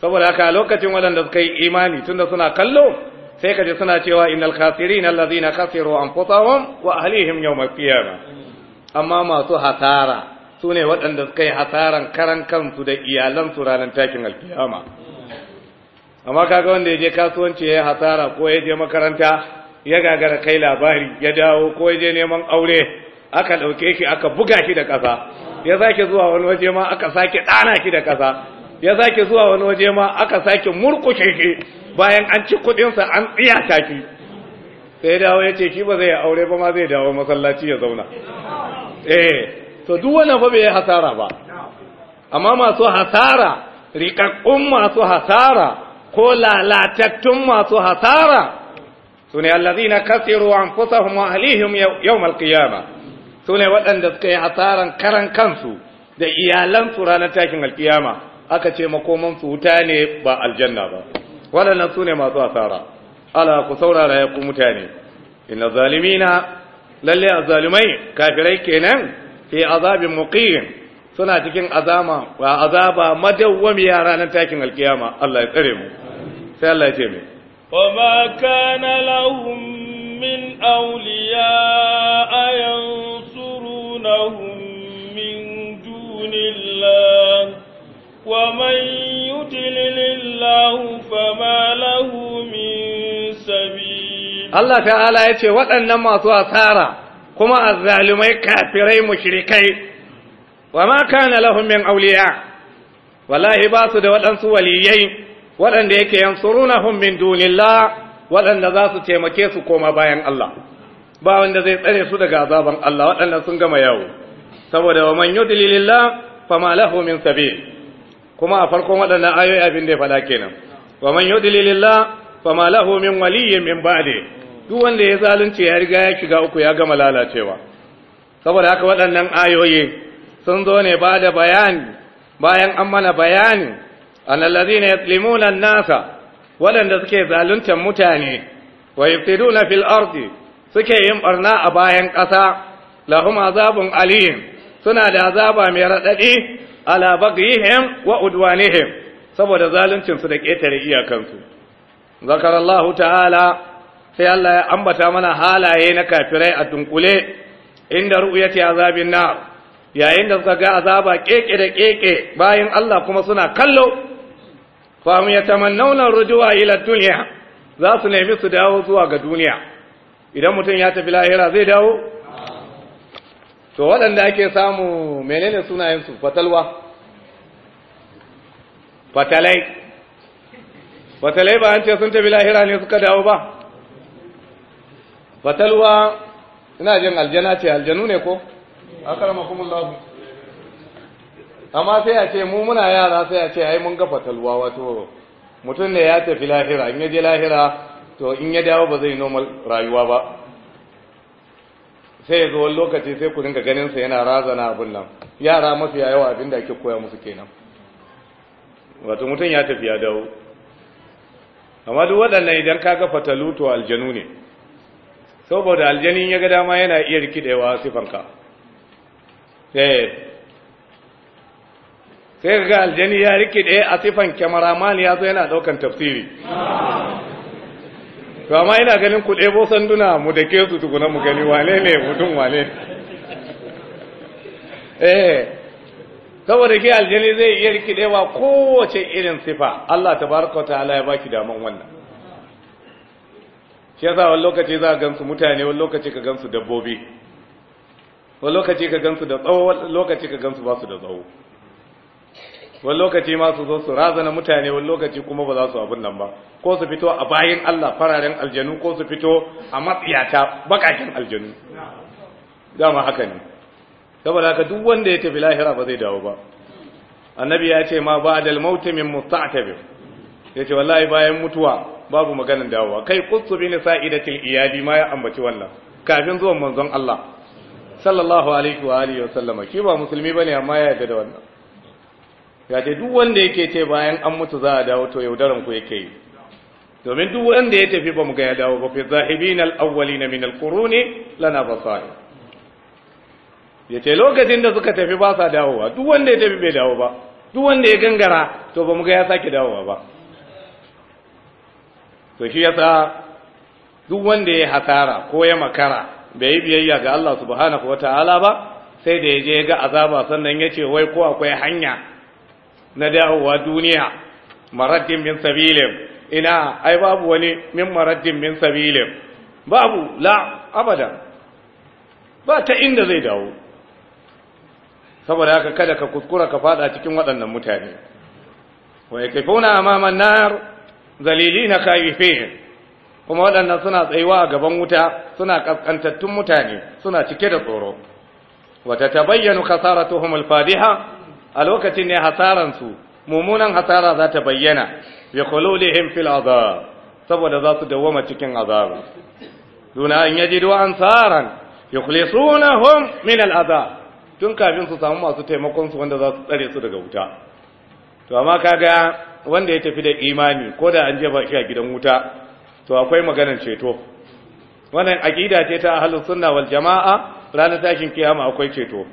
saboda haka lokacin waɗanda suka yi imani tunda suna kallo sai kaje suna cewa innal khasirin allazina khasiru anfusahum wa ahlihim al-qiyama amma masu hasara sune waɗanda suka yi hasaran karan kansu da iyalansu ranar takin alkiyama amma kaga wanda ya je kasuwanci ya hasara ko yaje makaranta ya gagara kai labari ya dawo ko yaje neman aure aka ɗauke shi aka buga shi da ƙasa ya sake zuwa wani waje ma aka sake ɗana shi da ƙasa ya sake zuwa wani waje ma aka sake murkushe shi bayan an ci kuɗinsa an tsiyata shi sai dawo ya ce shi ba zai aure ba ma zai dawo masallaci ya zauna eh to duk wannan fa bai yi hasara ba amma masu hasara riƙaƙƙun masu hasara ko lalatattun masu hasara su ne allazina kasiru anfusahum wa ahlihim yawmal qiyamah su ne waɗanda suka yi hasaran karan kansu da iyalansu ranar takin alkiyama aka ce makoman su wuta ne ba aljanna ba waɗannan su ne masu asara ala ku saurara ya ku mutane inna zalimina lalle azalimai kafirai kenan fi azabin muqim suna cikin azama wa azaba madawwamiya ranar takin alkiyama Allah ya tsare mu sai Allah ya ce mai وما كان لهم من أولياء ينصرونهم من دون الله ومن يدلل الله فما له من سبيل الله تعالى يتي waɗannan masu asara kuma azzalumai kafirai mushrikai wama kana lahum min awliya wallahi ba su da waɗansu waliyyai waɗanda yake yansurunahum min dunillah waɗanda za su taimake su koma bayan Allah ba wanda zai tsare su daga azaban Allah waɗannan sun gama yawo saboda wa man yudlilillah fama lahu min kuma a farkon waɗannan ayoyi abin da ya faɗa kenan wa man yudlilillah fama lahu min waliy min ba'di duk wanda ya zalunce ya riga ya shiga uku ya gama lalacewa saboda haka waɗannan ayoyi sun zo ne ba da bayani bayan an mana bayani allazina yaslimuna an-nasa waɗanda suke zaluntar mutane wa yufsiduna fil ardi suke yin barna a bayan ƙasa lahum azabun aliyin suna da azaba mai raɗaɗi ala baghihim wa udwanihim saboda zaluncin su da ƙetare iyakansu zakarallahu ta'ala sai Allah ya ambata mana halaye na kafirai a dunkule inda ru'yati azabin na. yayin da suka ga azaba keke da keke bayan Allah kuma suna kallo fa mu yatamannawna rujua ila dunya za su nemi su dawo zuwa ga duniya idan mutum ya tafi lahira zai dawo to waɗanda ake samu menene sunayensu fatalwa fatalai fatalai ba an ce sun tafi lahira ne suka dawo ba fatalwa ina jin aljana ce aljanu ne ko akramakumullahu amma sai a ce mu muna yara sai a ce ai mun ga fatalwa wato mutum ne ya tafi lahira in ya je lahira to in ya dawo ba zai normal rayuwa ba sai ga wani lokaci sai ku dinga ganin sa yana razana abin nan yara mafi yawa abin da ake koya musu kenan wato mutum ya tafi ya dawo amma duk waɗannan idan kaga fatalu to aljanu ne saboda aljanin ya ga dama yana iya rikidewa sifanka eh. sai ga aljani ya rikide a sifan kyamara mali ya zo yana daukan tafsiri to amma ina ganin ku ɗebo sanduna mu da ke su tukuna mu gani wale ne mutum wale eh saboda ke aljani zai iya rikidewa kowace irin sifa Allah Ta ta ala ya baki daman wannan shi yasa wani lokaci za a gansu mutane wani lokaci ka gansu dabbobi wani lokaci ka gansu da tsawo wani lokaci ka gansu ba su da tsawo wani lokaci ma su zo su razana mutane wani lokaci kuma ba za su abin nan ba ko su fito a bayan Allah fararen aljanu ko su fito a matsiyata bakakin aljanu dama haka ne saboda haka duk wanda ya tafi lahira ba zai dawo ba annabi ya ce ma ba dal mautu min musta'tabi ya ce wallahi bayan mutuwa babu maganin dawowa kai qutsu bin sa'idatil iyali ma ya ambaci wannan kafin zuwan manzon Allah sallallahu alaihi wa alihi wa sallama ki ba musulmi bane amma ya yarda da wannan ya ce duk wanda yake ce bayan an mutu za a dawo to yaudaran ku yake yi domin duk wanda ya tafi ba mu ga ya dawo ba fi zahibin al na min al-quruni lana basair ya ce lokacin da suka tafi ba sa dawowa duk wanda ya tafi bai dawo ba duk wanda ya gangara to ba mu ga ya sake dawowa ba to shi yasa duk wanda ya hasara ko ya makara bai yi biyayya ga Allah subhanahu wataala ba sai da ya je ga azaba sannan ya ce wai ko akwai hanya na dawowa duniya maraddin min sabilin ina ai babu wani min maraddin min sabilin babu la abada ba ta inda zai dawo saboda haka kada ka kuskura ka fada cikin waɗannan mutane wa yakifuna amaman nar zalilina kayifin kuma waɗannan suna tsayuwa a gaban wuta suna kaskantattun mutane suna cike da tsoro wata tabayyanu kasaratuhum alfadiha a lokacin ne hasaransu mummunan hasara za ta bayyana bi khululihim fil azab saboda za su dawwama cikin azab duna an yaji yajidu suna yukhlisunahum min al'azab tun kafin su samu masu taimakonsu wanda za su tsare su daga wuta to amma kaga wanda ya tafi da imani ko da an jefa shi a gidan wuta to akwai maganar ceto wannan aqida ce ta ahlus sunna wal jamaa ranar tashin kiyama akwai ceto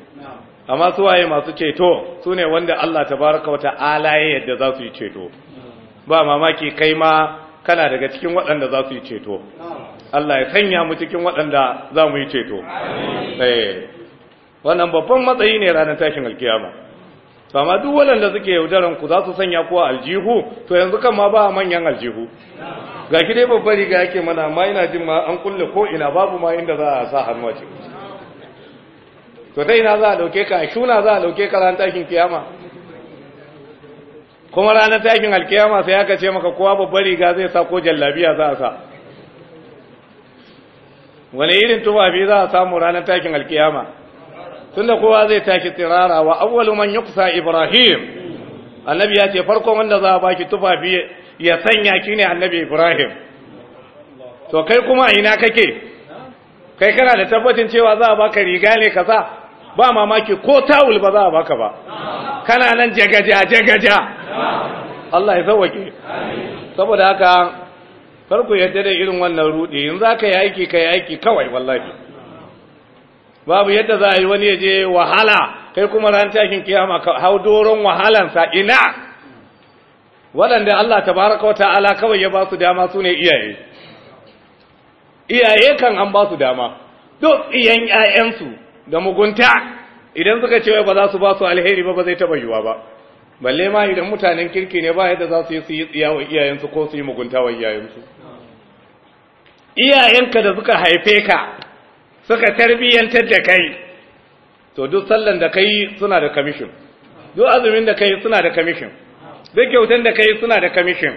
amma su waye masu ceto su ne wanda Allah tabaraka wa ta'ala ya yadda za su yi ceto ba mamaki kai ma kana daga cikin waɗanda za su yi ceto Allah ya sanya mu cikin waɗanda za mu yi ceto eh. wannan babban matsayi ne ranar tashin alkiyama to amma duk waɗanda suke yaudaran ku za su sanya kuwa aljihu to yanzu kan ma ba manyan aljihu ga ki dai babbar riga yake mana amma ina jin ma an kulle ko ina babu ma inda za a sa hannu a cikin to ta ina za a dauke ka shuna za a dauke ka ran takin kiyama kuma ranar takin alkiyama sai aka ce maka kowa babbar riga zai sa ko jallabiya za a sa wani irin tufafi za a samu ranar takin alkiyama tunda kowa zai tashi tsirara wa awwalu man yuksa ibrahim annabi ya ce farkon wanda za a baki tufafi ya sanya ki ne annabi ibrahim to kai kuma ina kake kai kana da tabbacin cewa za a baka riga ne ka ba mamaki ko tawul ba za a baka ba kana nan jagaja jagaja Allah ya sauwake saboda haka farko yadda da irin wannan rudi in za ka yi aiki ka yi aiki kawai wallahi babu yadda za a yi wani ya je wahala kai kuma ran takin kiyama ka hau doron wahalansa ina waɗanda Allah wata ala kawai ya ba su dama su ne iyaye iyaye kan an ba su dama duk iyan 'ya'yansu da mugunta idan suka ce ba za su ba su alheri ba ba zai taba yiwa ba balle ma idan mutanen kirki ne ba yadda za su yi su yi tsiya wa iyayensu ko su yi mugunta wa iyayensu iyayenka da suka haife ka suka tarbiyyantar da kai to duk sallan da kai suna da kamishin duk azumin da kai suna da kamishin duk kyautan da kai suna da kamishin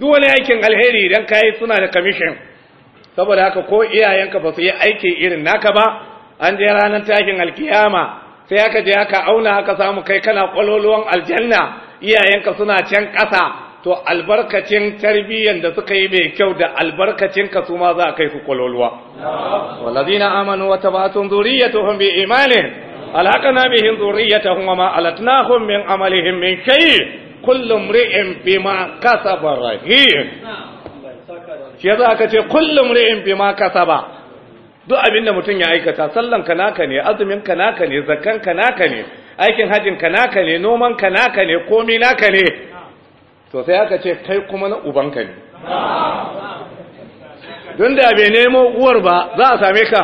duk wani aikin alheri idan kai suna da kamishin saboda haka ko iyayenka ba su yi aiki irin naka ba an je ranar takin alkiyama sai aka je aka auna aka samu kai kana kwaloluwan aljanna iyayenka suna can ƙasa to albarkacin tarbiyyar da suka yi mai kyau da albarkacin ka su ma za a kai su kwaloluwa walladina amanu wa tabatun zuriyatuhum bi imanin alhaqna bihim zuriyatuhum wa ma alatnahum min amalihim min shay kullu mri'in bima kasaba rahin shi yasa aka ce kullu mri'in bima kasaba duk abinda mutum ya aikata sallan ka ne azumin ka naka ne zakkan ka ne aikin hajin ka naka ne noman ka naka ne komai naka ne to sai aka ce kai kuma na ubanka ne don da bai nemo uwar ba za a same ka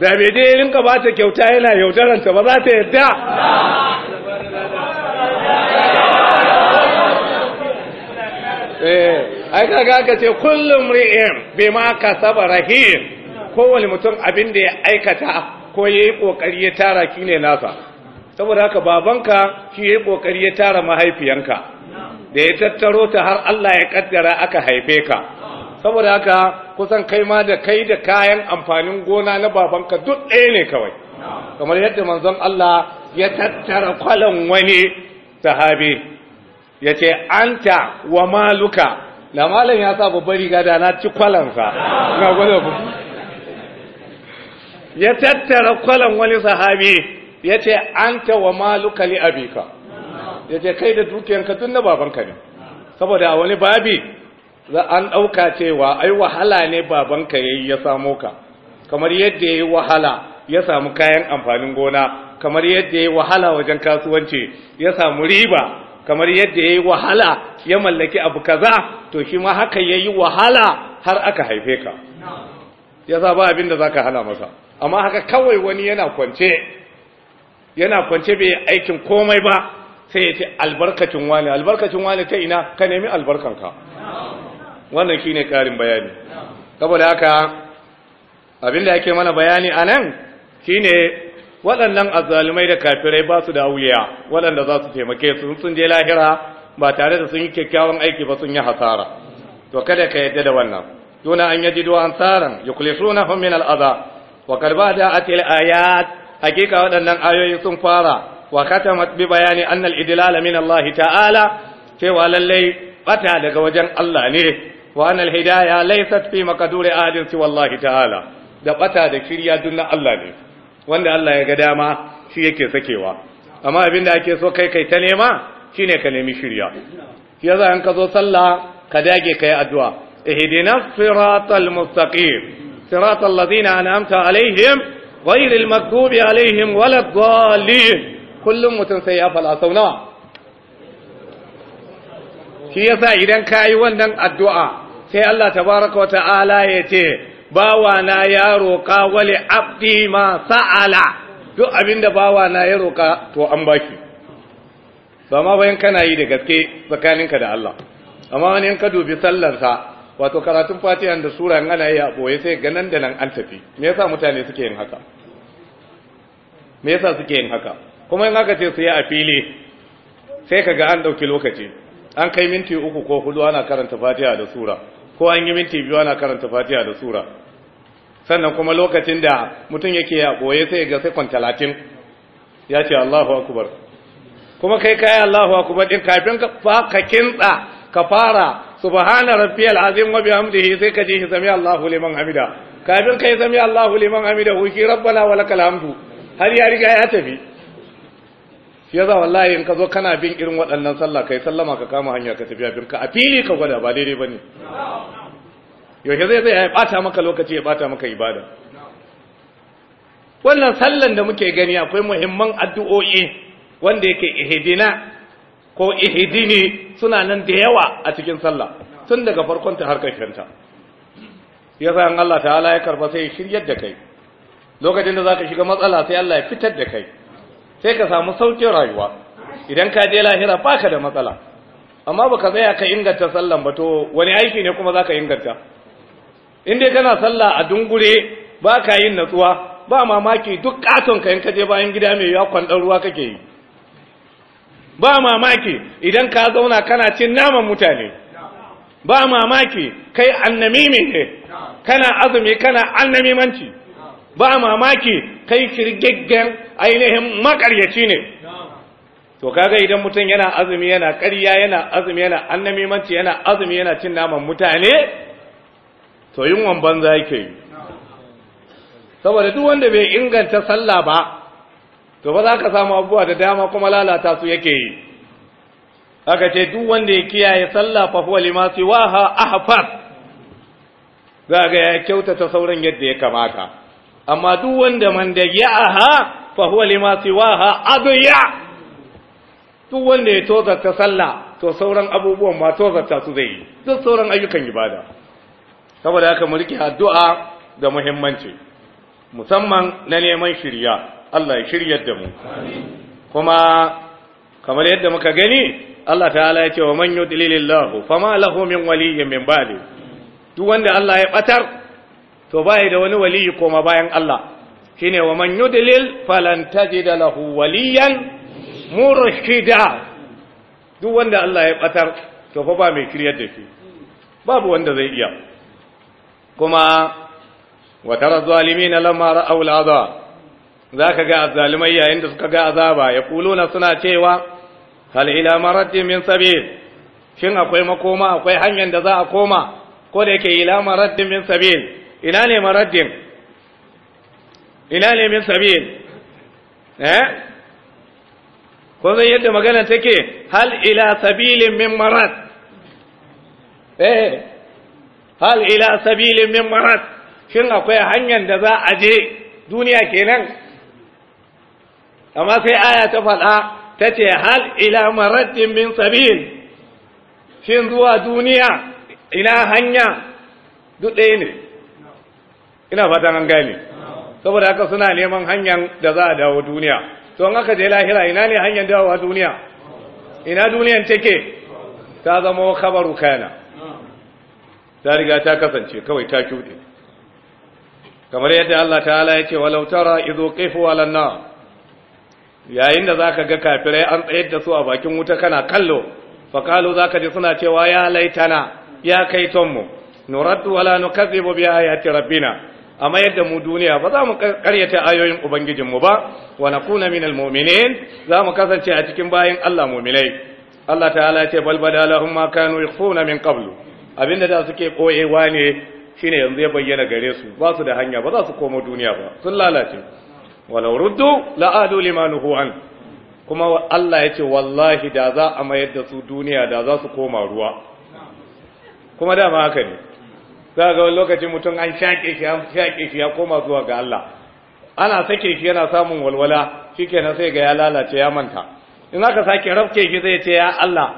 da bai dai rinka ba ta kyauta yana yaudaranta ba za ta yadda eh ai kaga aka ce kullum ri'im bima kasaba rahim kowane mutum abin da ya aikata ko ya yi ƙoƙari ya tara ki ne nasa saboda haka babanka shi ya yi ƙoƙari ya tara mahaifiyanka da ya tattaro ta har Allah ya kaddara aka haife ka saboda haka kusan kai ma da kai da kayan amfanin gona na babanka duk ɗaya ne kawai kamar yadda manzon Allah ya tattara kwalan wani sahabi ya ce anta wa maluka na malam ya sa babbar riga da na ci kwalansa na gwada ya tattara kwalan wani sahabi ya ce an ta wa maluka li abika ya ce kai da dukiyanka tun na babanka ne saboda a wani babi za an ɗauka cewa ai wahala ne babanka ya yi ya samo ka kamar yadda ya yi wahala ya samu kayan amfanin gona kamar yadda ya yi wahala wajen kasuwanci ya samu riba kamar yadda ya yi wahala ya mallaki abu kaza to shi ma haka ya yi wahala har aka haife ka ya sa ba abin da za ka hana masa amma haka kawai wani yana kwance yana kwance bai aikin komai ba sai ya ce albarkacin wani albarkacin wani ta ina ka nemi albarkanka wannan shi ne karin bayani saboda haka abinda yake mana bayani a nan shi ne waɗannan azalumai da kafirai ba su da wuya waɗanda za su taimake su sun je lahira ba tare da sun yi kyakkyawan aiki ba sun yi hasara to kada ka yadda da wannan yuna an yajidu ansaran yukhlisunahum min al'adha wa karba da atil ayat hakika waɗannan ayoyi sun fara wa katamat bi bayani anna al idlal min Allah ta'ala cewa lallai bata daga wajen Allah ne wa anna al hidayah laysat fi maqduri ahadin siwa Allah ta'ala da bata da shirya dun Allah ne wanda Allah ya ga dama shi yake sakewa amma abinda ake so kai kai ta nema shine ka nemi shirya yaza yasa in ka zo sallah ka dage kai addu'a ihdinas siratal mustaqim صراط الذين أنعمت عليهم غير المكتوب عليهم ولا الضالين kullum mutum sai ya faɗa sau nawa shi yasa idan ka yi wannan addu'a sai Allah tabaraka wa ta'ala ya ce bawana ya roƙa wale abdi ma sa'ala duk abinda bawa na ya roƙa to an baki ba ma bayan kana yi da gaske tsakaninka da Allah amma wani in ka dubi sallarsa wato karatun fatihan da sura in ana yi a boye sai ga nan da nan an tafi me yasa mutane suke yin haka me yasa suke yin haka kuma in haka ce su yi a fili sai ka ga an ɗauki lokaci an kai minti uku ko hudu ana karanta fatiha da sura ko an yi minti biyu ana karanta fatiha da sura sannan kuma lokacin da mutum yake ya boye sai ga sekon talatin ya ce Allahu akubar kuma kai kayi Allahu akubar din kafin ka kintsa ka fara subhana rabbiyal azim wa bihamdihi sai ka ji sami Allahu liman hamida kafin kai sami Allahu liman hamida hu ki rabbana wa lakal hamdu har ya riga ya tafi ya za wallahi in ka zo kana bin irin waɗannan sallah kai sallama ka kama hanya ka tafi abin ka a fili ka gwada ba daidai bane yaushe zai zai ya bata maka lokaci ya bata maka ibada wannan sallar da muke gani akwai muhimman addu'o'i wanda yake ihdina ko ihdini suna nan da yawa a cikin sallah tun daga farkon ta har ƙarshenta ya an Allah ta'ala ya karba sai shiryar da kai lokacin da zaka shiga matsala sai Allah ya fitar da kai sai ka samu sauƙin rayuwa idan ka je lahira baka da matsala amma baka tsaya ka inganta sallan ba to wani aiki ne kuma zaka inganta in dai kana sallah a dungure baka yin natsuwa ba mamaki duk katon ka in ka je bayan gida mai ya kwandan ruwa kake yi ba mamaki idan ka zauna kana cin naman mutane ba mamaki kai annami ne kana azumi kana annamimanci ba mamaki kai kirgaggen ainihin makaryaci ne to kaga idan mutum yana azumi yana ƙarya yana azumi yana annamimanci yana azumi yana cin naman mutane to yunwan banza ke yi saboda duk wanda bai inganta sallah ba to ba za ka samu abubuwa da dama kuma lalata su yake yi aka ce duk wanda ya kiyaye sallah fa huwa lima siwaha ahfar za ga ya kyautata sauran yadda ya kamata amma duk wanda man da aha fa huwa lima siwaha adiya duk wanda ya ta sallah to sauran abubuwan ma ta su zai yi duk sauran ayyukan ibada saboda haka mu rike addu'a da muhimmanci musamman na neman shirya Allah ya shirya da mu kuma kamar yadda muka gani Allah ta'ala ya ce wa man yudlilillahu fama lahu min waliyyin min ba'di duk wanda Allah ya batar to bai da wani waliyi kuma bayan Allah shine wa man yudlil falan tajida lahu waliyan murshida duk wanda Allah ya batar to fa ba mai kiryar da shi babu wanda zai iya kuma wa tara zalimin lamma ra'aw al'adha za ka ga azzalimai yayin da suka ga azaba ya kuluna suna cewa hal ila maradin min sabil shin akwai makoma akwai hanyar da za a koma ko da yake ila maradin min sabil ina ne maradin ina ne min sabil eh ko zai yadda magana take hal ila sabilin min marat eh hal ila sabilin min marad shin akwai hanyar da za a je duniya kenan amma sai aya ta faɗa ta ce hal ila maraddin min sabil shin zuwa duniya ila hanya duk ɗaya ne ina fatan an gane saboda haka suna neman hanyar da za a dawo duniya to an aka je lahira ina ne hanyar dawowa duniya ina duniyan take ta zama khabaru kana ta riga ta kasance kawai ta kyuɗe kamar yadda Allah ta'ala ya ce wa tara izo qifu yayin da za ka ga kafirai an tsayar da su a bakin wuta kana kallo za zaka ji suna cewa ya laitana ya kai tonmu nuraddu wala nukazzibu bi ayati rabbina amma yadda mu duniya ba za mu karyata ayoyin ubangijinmu ba wa nakuna minal mu'minin za mu kasance a cikin bayan Allah mu'minai Allah ta'ala ce bal badalahum ma kanu yakhfuna min qablu abinda da suke koyewa ne shine yanzu ya bayyana gare su ba su da hanya ba za su koma duniya ba sun lalace walau ruddu la'adu limanuhu an kuma Allah ya ce wallahi da za a mayar da su duniya da za su koma ruwa kuma dama haka ne za ga wani lokacin mutum an shaƙe shi an shaƙe shi ya koma zuwa ga Allah ana sake shi yana samun walwala na sai ga ya lalace ya manta in aka sake rafke shi zai ce ya Allah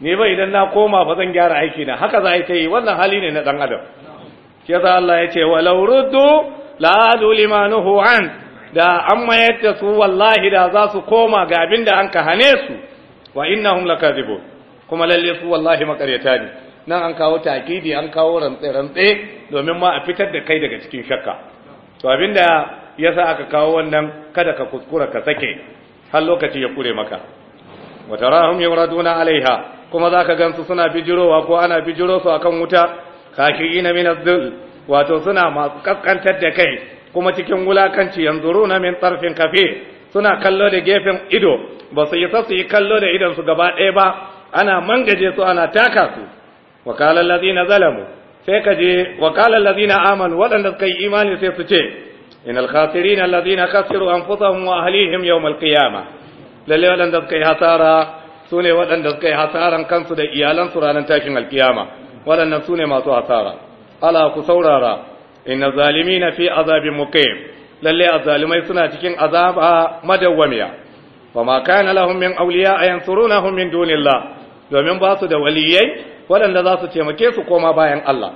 ne ba idan na koma ba zan gyara aiki na haka za a yi ta yi wannan hali ne na dan adam shi yasa Allah ya ce walau ruddu la limanuhu an da an mayar da su wallahi da za su koma ga abin da an ka hane su wa innahum lakazibun kuma lalle su wallahi makaryata ne nan an kawo takidi an kawo rantse rantse domin ma a fitar da kai daga cikin shakka to abinda yasa aka kawo wannan kada ka kuskura ka sake har lokaci ya kure maka wa tarahum yuraduna alaiha kuma zaka gansu suna bijirowa ko ana bijiro su akan wuta khashiyina min adh wato suna masu kaskantar da kai kuma cikin wulakanci yanzuruna min tarfin kafe suna kallo da gefen ido ba su isa su yi kallo da idon su gaba ɗaya ba ana mangaje su ana taka su wakalan lazina zalamu sai ka je wakalan lazina amanu waɗanda suka yi imani sai su ce in alkhasirin allazina khasiru anfusahum wa ahlihim yawm alqiyama lalle waɗanda suka yi hasara su ne waɗanda suka yi hasaran kansu da iyalansu ranar tashin alkiyama waɗannan su ne masu hasara ala ku saurara inna zalimina fi azabin muqim lalle azalimai suna cikin azaba madawwamiya fama kana lahum min awliya yansurunahum min dunillah domin ba su da waliyai waɗanda za su taimake su koma bayan Allah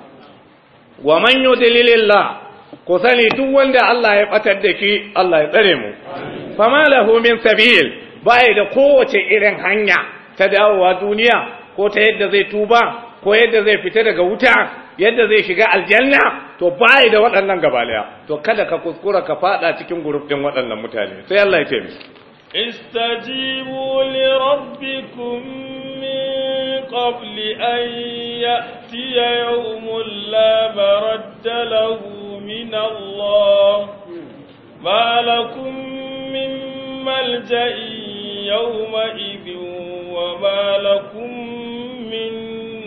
wa man yudlilillah ku sani duk wanda Allah ya batar da ki Allah ya tsare mu fama lahu min sabil bai da kowace irin hanya ta dawowa duniya ko ta yadda zai tuba ko yadda zai fita daga wuta yadda zai shiga aljanna to bai da waɗannan gabalaya to kada ka kuskura ka fada cikin group ɗin waɗannan mutane sai Allah ya taimake istajibu li rabbikum min qabli an ya'tiya yawmun la maradda lahu min Allah ma lakum min malja'in yawma idhin wa ma lakum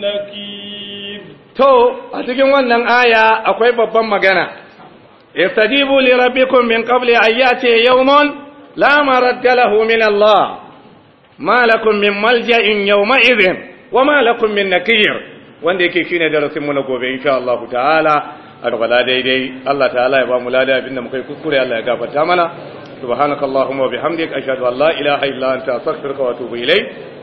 نكير تو أتكين ونن آية أكوي ببا مغانا استجيبوا لربكم من قبل أن يأتي يوم لا مرد له من الله ما لكم من ملجأ يومئذ وما لكم من نكير wanda yake shine darasin mu na gobe insha Allah ta'ala alwala daidai Allah ta'ala ya ba mu lada abinda mu kai, kuskure Allah ya gafarta mana subhanakallahumma wa hamdi ashhadu an la ilaha illa anta astaghfiruka wa atubu ilayk